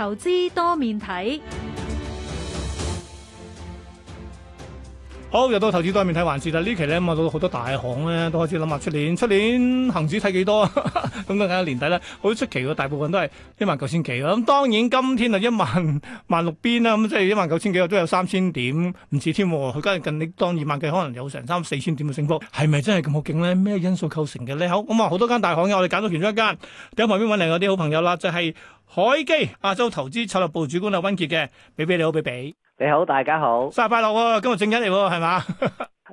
投資多面睇。好，又到投資多面睇環節啦，期呢期咧，咁啊，到好多大行咧都開始諗下出年，出年恆指睇幾多啊？咁等等年底咧，好出奇喎，大部分都係一萬九千幾啦。咁當然今天就一萬萬六邊啦，咁即係一萬九千幾，都有三千點唔止添。佢今日近啲當二萬幾，可能有 3, 4, 成三四千點嘅升幅。係咪真係咁好勁咧？咩因素構成嘅咧？好，咁啊，好、嗯、多間大行嘅，我哋揀到其中一間，喺旁邊揾嚟我啲好朋友啦，就係、是、凱基亞洲投資策略部主管阿温傑嘅，俾俾你好比比。你好，大家好，生日快樂喎！今日整緊嚟喎，係嘛？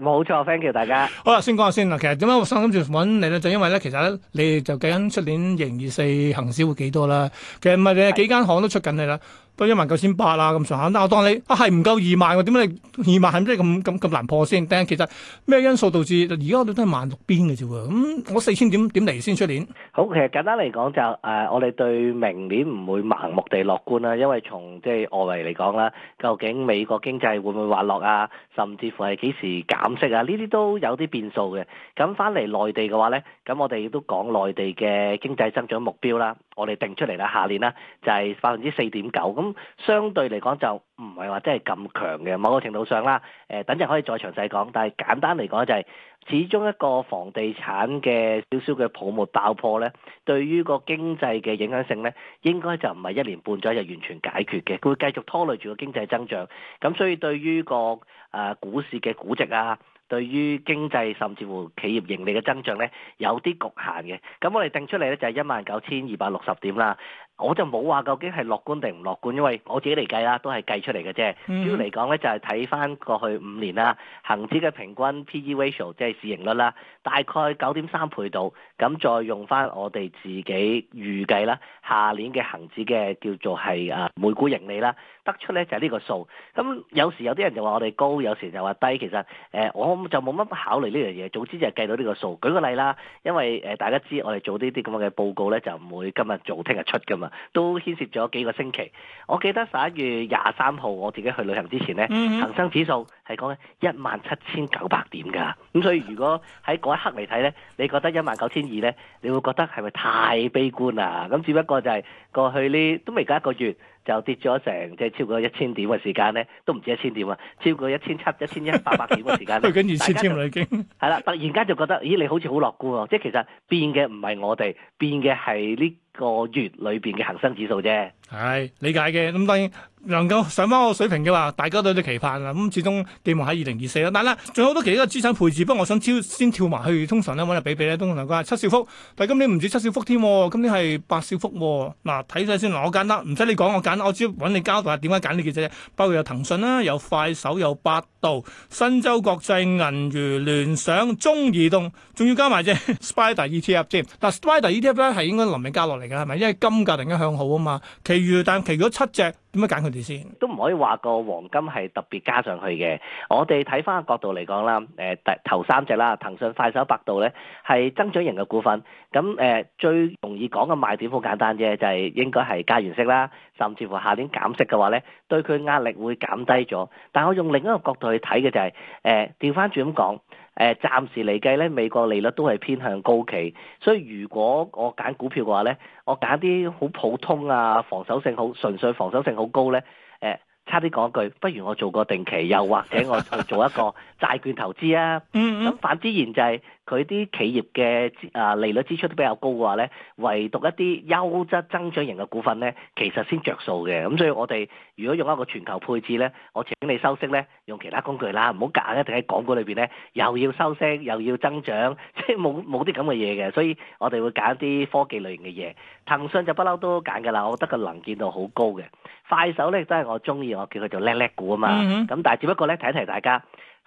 冇 錯，Frankie，大家好啊！先講下先嗱，其實點解我心諗住揾你咧？就因為咧，其實咧，你就計緊出年盈二四恒指會幾多啦。其實唔係淨係幾間行都出緊你啦。的都一萬九千八啦咁上下，但係我當你啊係唔夠二萬喎，點解你二萬係唔知咁咁咁難破先？但係其實咩因素導致而家我哋都係萬六邊嘅啫喎？咁我四千點點嚟先出年？好，其實簡單嚟講就誒，我哋對明年唔會盲目地樂觀啦，因為從即係外圍嚟講啦，究竟美國經濟會唔會滑落啊？甚至乎係幾時減息啊？呢啲都有啲變數嘅。咁翻嚟內地嘅話咧，咁我哋亦都講內地嘅經濟增長目標啦，我哋定出嚟啦，下年啦就係百分之四點九咁。咁相對嚟講就唔係話真係咁強嘅，某個程度上啦，誒等陣可以再詳細講。但係簡單嚟講就係，始終一個房地產嘅少少嘅泡沫爆破咧，對於個經濟嘅影響性咧，應該就唔係一年半載就完全解決嘅，會繼續拖累住個經濟增長。咁所以對於個誒股市嘅估值啊，對於經濟甚至乎企業盈利嘅增長咧，有啲侷限嘅。咁我哋定出嚟咧就係一萬九千二百六十點啦。我就冇話究竟係樂觀定唔樂觀，因為我自己嚟計啦，都係計出嚟嘅啫。主要嚟講呢，就係睇翻過去五年啦，恒指嘅平均 P/E ratio，即係市盈率啦，大概九點三倍度。咁再用翻我哋自己預計啦，下年嘅恒指嘅叫做係啊，每股盈利啦。得出咧就係、是、呢個數，咁有時有啲人就話我哋高，有時就話低。其實誒、呃、我就冇乜考慮呢樣嘢，總之就係計到呢個數。舉個例啦，因為誒、呃、大家知我哋做呢啲咁嘅報告咧，就唔會今日做聽日出噶嘛，都牽涉咗幾個星期。我記得十一月廿三號我自己去旅行之前咧，恒、mm hmm. 生指數係講一萬七千九百點㗎。咁所以如果喺嗰一刻嚟睇咧，你覺得一萬九千二咧，你會覺得係咪太悲觀啊？咁只不過就係過去呢都未夠一個月。就跌咗成即係超過一千點嘅時間咧，都唔止一千點啊！超過一千七、一千一八百點嘅時間，都跟住二千添啦已經。係啦， 突然間就覺得，咦你好似好樂觀喎、哦！即係其實變嘅唔係我哋，變嘅係呢。個月裏邊嘅恒生指數啫，係理解嘅。咁當然能夠上翻個水平嘅話，大家都有啲期盼啦。咁始終期望喺二零二四啦。但係啦，仲有好多其他資產配置。不過我想超先跳埋去，通常咧，揾嚟比個比咧。東信佢係七小福，但係今年唔止七小福添，今年係八小福。嗱，睇晒先。嗱，我簡單，唔使你講，我簡單。我只要揾你交代下點解揀呢幾隻，包括有騰訊啦，有快手，有百度、新洲國際、銀娛、聯想、中移動，仲要加埋隻 Spider ETF 添。但係 Spider ETF 咧係應該臨尾加落嚟。而家係咪？因為金價突然間向好啊嘛，其餘但係其餘七隻點樣揀佢哋先？都唔可以話個黃金係特別加上去嘅。我哋睇翻個角度嚟講啦，誒第頭三隻啦，騰訊、快手、百度咧係增長型嘅股份。咁誒最容易講嘅賣點好簡單啫，就係應該係加完息啦，甚至乎下年減息嘅話咧，對佢壓力會減低咗。但係我用另一個角度去睇嘅就係誒調翻轉咁講。誒暫時嚟計咧，美國利率都係偏向高企。所以如果我揀股票嘅話呢，我揀啲好普通啊、防守性好、純粹防守性好高呢、呃、差啲講一句，不如我做個定期，又或者我去做一個債券投資啊。咁 反之言就係、是。佢啲企業嘅誒利率支出都比較高嘅話咧，唯獨一啲優質增長型嘅股份咧，其實先着數嘅。咁所以我哋如果用一個全球配置咧，我請你收息咧，用其他工具啦，唔好揀一定喺港股裏邊咧又要收息又要增長，即係冇冇啲咁嘅嘢嘅。所以我哋會揀一啲科技類型嘅嘢，騰訊就不嬲都揀㗎啦，我覺得個能見度好高嘅。快手咧都係我中意，我叫佢做叻叻股啊嘛。咁、嗯嗯、但係只不過咧提一提大家。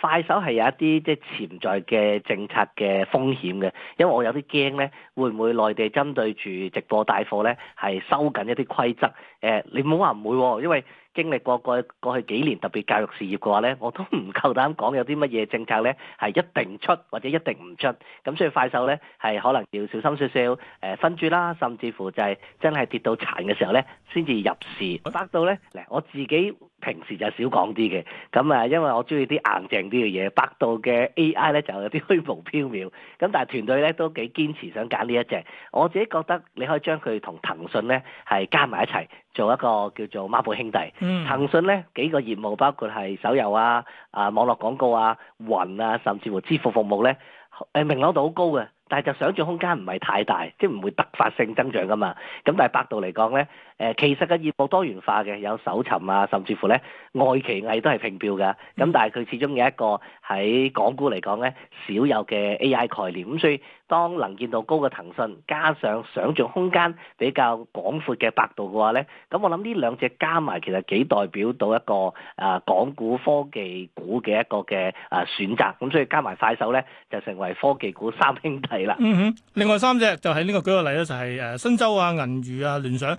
快手係有一啲即係潛在嘅政策嘅風險嘅，因為我有啲驚咧，會唔會內地針對住直播帶貨咧係收緊一啲規則？誒、呃，你唔好話唔會喎，因為。經歷過過過去幾年特別教育事業嘅話呢，我都唔夠膽講有啲乜嘢政策呢係一定出或者一定唔出，咁所以快手呢係可能要小心少少，誒、呃、分注啦，甚至乎就係真係跌到殘嘅時候呢先至入市。百度呢，嗱我自己平時就少講啲嘅，咁啊因為我中意啲硬淨啲嘅嘢。百度嘅 AI 呢就有啲虛無縹緲，咁但係團隊呢都幾堅持想揀呢一隻。我自己覺得你可以將佢同騰訊呢係加埋一齊做一個叫做孖寶兄弟。騰訊咧幾個業務包括係手遊啊、啊網絡廣告啊、雲啊，甚至乎支付服務咧，誒，明朗度好高嘅，但係就想象空間唔係太大，即係唔會突發性增長噶嘛。咁但係百度嚟講咧。誒，其實嘅業務多元化嘅，有搜尋啊，甚至乎咧愛奇藝都係併表㗎。咁但係佢始終有一個喺港股嚟講咧少有嘅 AI 概念。咁所以當能見度高嘅騰訊，加上想像空間比較廣闊嘅百度嘅話咧，咁我諗呢兩隻加埋其實幾代表到一個啊港股科技股嘅一個嘅啊選擇。咁所以加埋快手咧就成為科技股三兄弟啦。嗯哼，另外三隻就係呢個舉個例咧，就係、是、誒新洲啊、銀娛啊、聯想。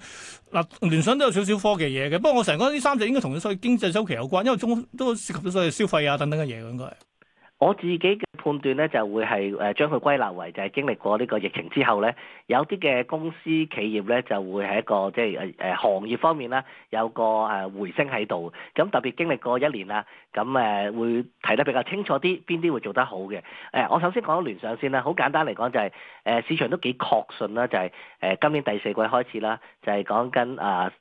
嗱、啊，聯想都有少少科技嘢嘅，不過我成日覺得呢三隻應該同所謂經濟周期有關，因為中都涉及咗所謂消費啊等等嘅嘢嘅應該係。我自己嘅判斷咧，就會係誒、呃、將佢歸納為就係經歷過呢個疫情之後咧，有啲嘅公司企業咧就會係一個即係誒誒行業方面啦，有個誒回升喺度。咁特別經歷過一年喇，咁誒、呃、會睇得比較清楚啲，邊啲會做得好嘅？誒、呃，我首先講聯想先啦。好簡單嚟講就係、是、誒、呃、市場都幾確信啦，就係、是、誒今年第四季開始啦，就係講緊啊。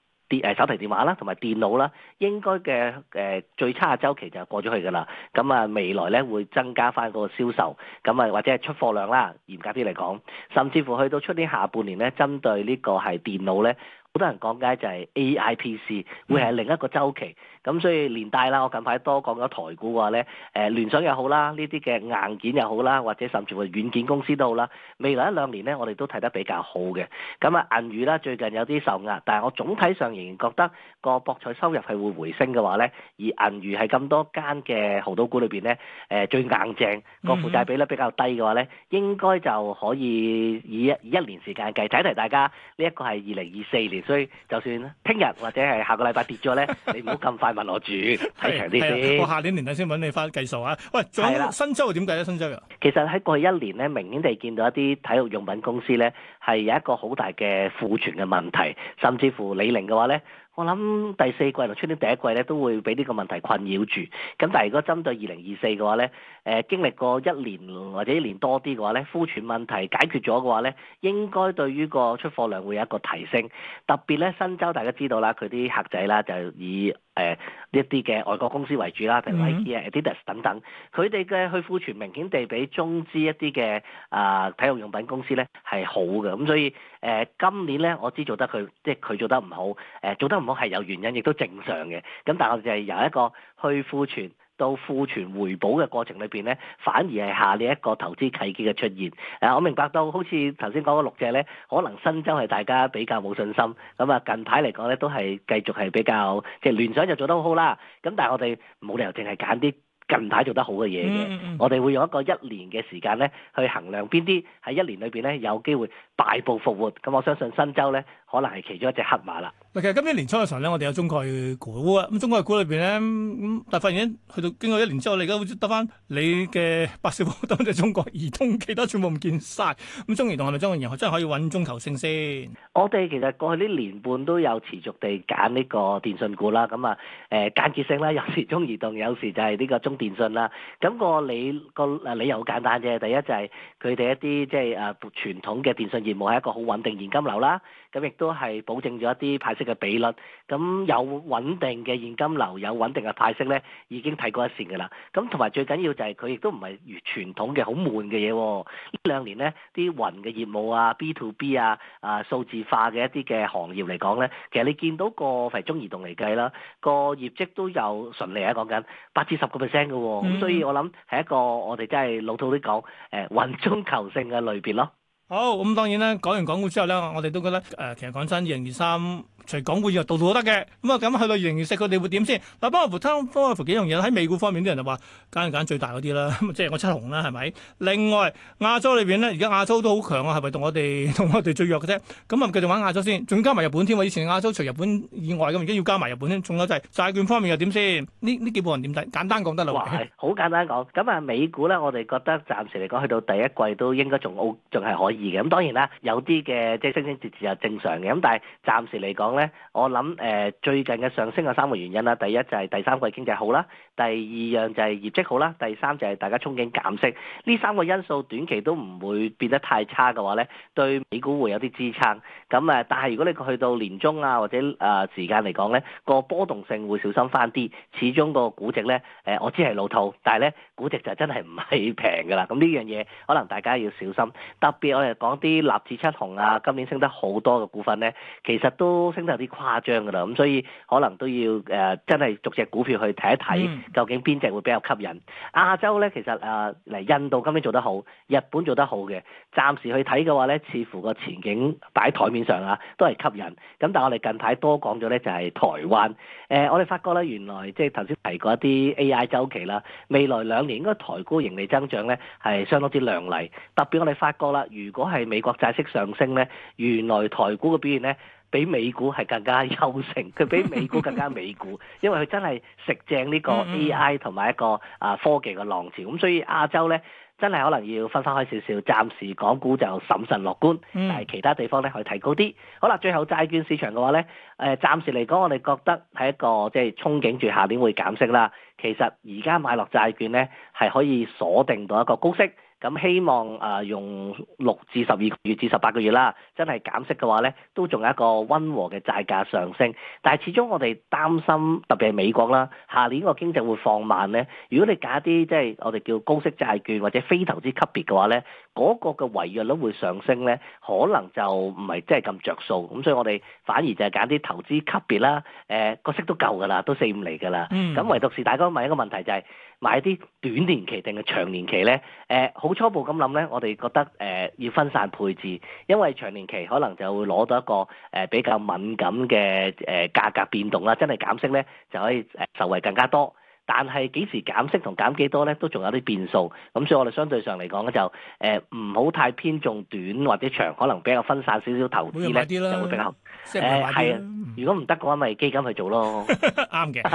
啲手提電話啦，同埋電腦啦，應該嘅誒最差嘅周期就過咗去㗎啦。咁啊，未來咧會增加翻嗰個銷售，咁啊或者係出貨量啦。嚴格啲嚟講，甚至乎去到出年下半年咧，針對呢個係電腦咧。好多人講嘅就係 A.I.P.C. 會係另一個周期，咁所以連帶啦。我近排多講咗台股嘅話咧，誒聯想又好啦，呢啲嘅硬件又好啦，或者甚至乎軟件公司都好啦。未來一兩年咧，我哋都睇得比較好嘅。咁啊銀娛啦，最近有啲受壓，但係我總體上仍然覺得個博彩收入係會回升嘅話咧，而銀娛係咁多間嘅濠賭股裏邊咧，誒最硬淨個負債比咧比較低嘅話咧，應該就可以以一年時間計。提提大家呢一個係二零二四年。所以就算聽日或者係下個禮拜跌咗咧， 你唔好咁快問我住。睇長啲，我下年年底先揾你翻計數啊。喂，仲有新洲點計咧？新洲嘅其實喺過去一年咧，明顯地見到一啲體育用品公司咧係有一個好大嘅庫存嘅問題，甚至乎李寧嘅話咧。我諗第四季同出年第一季咧都會俾呢個問題困擾住，咁但係如果針對二零二四嘅話咧，誒、呃、經歷過一年或者一年多啲嘅話咧，庫存問題解決咗嘅話咧，應該對於個出貨量會有一個提升，特別咧新州大家知道啦，佢啲客仔啦就以。誒呢一啲嘅外國公司為主啦，譬如 Nike、Adidas 等等，佢哋嘅去庫存明顯地比中資一啲嘅啊體育用品公司咧係好嘅，咁所以誒、呃、今年咧我知做得佢，即係佢做得唔好，誒、呃、做得唔好係有原因，亦都正常嘅，咁但我哋就係由一個去庫存。到庫存回補嘅過程裏邊咧，反而係下列一個投資契機嘅出現。誒、啊，我明白到好似頭先講嘅六隻咧，可能新洲係大家比較冇信心。咁啊，近排嚟講咧，都係繼續係比較即係、就是、聯想就做得好好啦。咁但係我哋冇理由淨係揀啲近排做得好嘅嘢嘅，嗯嗯嗯我哋會用一個一年嘅時間咧去衡量邊啲喺一年裏邊咧有機會敗部復活。咁我相信新洲咧可能係其中一隻黑馬啦。其實今年年初嘅時候咧，我哋有中概股啊，咁中概股裏邊咧，咁、嗯、但係發現呢去到經過一年之後，你而家得翻你嘅百事通，得翻中國，中國、嗯、中移、動是是中移動，其他全部唔見晒。咁中移動係咪將來以後真係可以穩中求勝先？我哋其實過去呢年半都有持續地揀呢個電信股啦，咁啊，誒、呃、間接性啦，有時中移動，有時就係呢個中電信啦。咁、那個理個理由好簡單啫，第一就係佢哋一啲即係誒傳統嘅電信業務係一個好穩定現金流啦，咁亦都係保證咗一啲嘅比率，咁有穩定嘅現金流，有穩定嘅派息咧，已經睇過一線㗎喇。咁同埋最緊要就係佢亦都唔係傳統嘅好悶嘅嘢、哦。兩呢兩年咧，啲雲嘅業務啊，B to B 啊，啊數字化嘅一啲嘅行業嚟講咧，其實你見到個，肥中移動嚟計啦，個業績都有順利啊，講緊八至十個 percent 嘅，咁、哦嗯、所以我諗係一個我哋真係老土啲講，誒、呃、雲中求勝嘅類別咯。好，咁、嗯、當然咧，講完港股之後咧，我哋都覺得誒、呃，其實講真，二零二三。除港股以外度度都得嘅，咁啊，咁去到越嚟越細，佢哋會點先？嗱，包括、包括幾樣嘢喺美股方面啲人就話揀揀最大嗰啲啦，即 係我七雄啦，係咪？另外亞洲裏邊咧，而家亞洲都好強啊，係咪同我哋同我哋最弱嘅啫？咁、嗯、啊繼續玩亞洲先，仲加埋日本添喎。以前亞洲除日本以外咁，而家要加埋日本咧。仲有就係、是、債券方面又點先？呢呢幾部分點睇？簡單講得啦。哇，係好 簡單講。咁啊，美股咧，我哋覺得暫時嚟講，去到第一季都應該仲好，仲係可以嘅。咁當然啦，有啲嘅即係升升跌跌又正常嘅。咁但係暫時嚟講。咧，我諗誒、呃，最近嘅上升有三個原因啦。第一就係第三季經濟好啦，第二樣就係業績好啦，第三就係大家憧憬減息。呢三個因素短期都唔會變得太差嘅話咧，對美股會有啲支撐。咁啊，但係如果你去到年中啊，或者啊、呃、時間嚟講咧，個波動性會小心翻啲。始終個估值咧，誒、呃，我知係老套，但係咧，估值就真係唔係平噶啦。咁呢樣嘢可能大家要小心。特別我哋講啲納指七雄啊，今年升得好多嘅股份咧，其實都。有啲誇張噶啦，咁所以可能都要誒，真係逐隻股票去睇一睇，究竟邊隻會比較吸引？亞、 嗯、 洲咧，其實誒嚟、啊，印度今年做得好，日本做得好嘅，暫時去睇嘅話咧，似乎個前景擺喺台面上啊，都係吸引。咁但係我哋近排多講咗咧，就係台灣。誒，我哋發覺啦，原來即係頭先提過一啲 AI 週期啦，未來兩年應該台股盈利增長咧係相當之亮麗。特別我哋發覺啦，如果係美國債息上升咧，原來台股嘅表現咧比美股係更加優勝，佢比美股更加美股，因為佢真係食正呢個 AI 同埋一個啊科技嘅浪潮，咁 所以亞洲呢真係可能要分，分開少少，暫時港股就審慎樂觀，但係其他地方呢可以提高啲。好啦，最後債券市場嘅話呢，誒、呃、暫時嚟講，我哋覺得係一個即係、就是、憧憬住下年會減息啦。其實而家買落債券呢係可以鎖定到一個高息。咁希望啊，用六至十二個月至十八個月啦，真係減息嘅話咧，都仲有一個溫和嘅債價上升。但係始終我哋擔心，特別係美國啦，下年個經濟會放慢咧。如果你揀啲即係我哋叫高息債券或者非投資級別嘅話咧，嗰個嘅違約率會上升咧，可能就唔係即係咁着數。咁所以我哋反而就係揀啲投資級別啦。誒個息都夠噶啦，都四五厘噶啦。咁、嗯、唯獨是大家問一個問題、就是，就係。買啲短年期定係長年期咧？誒、呃，好初步咁諗咧，我哋覺得誒、呃、要分散配置，因為長年期可能就會攞到一個誒、呃、比較敏感嘅誒、呃、價格變動啦，真係減息咧就可以誒受惠更加多。但係幾時減息同減幾多咧，都仲有啲變數。咁、嗯、所以我哋相對上嚟講咧，就誒唔好太偏重短或者長，可能比較分散少少投資。啲就會比較誒係啊。呃、如果唔得嘅話，咪基金去做咯。啱嘅。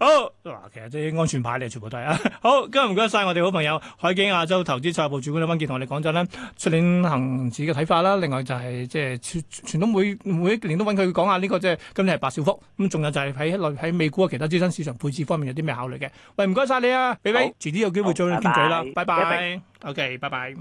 好。嗱，其實啲安全牌你全部睇啊。 好，今日唔該晒我哋好朋友海景亞洲投資策劃部主管李文傑同我哋講咗咧出年恆指嘅睇法啦。另外就係即係全全都每每一年都揾佢講下呢、這個即係、就是、今年係白兆福。咁仲有就係喺內喺美股嘅其他資產市場配置方面有啲。未考慮嘅，喂，唔該晒你啊，比比，遲啲好有機會再傾偈啦，拜拜，拜，拜 ，OK，拜拜。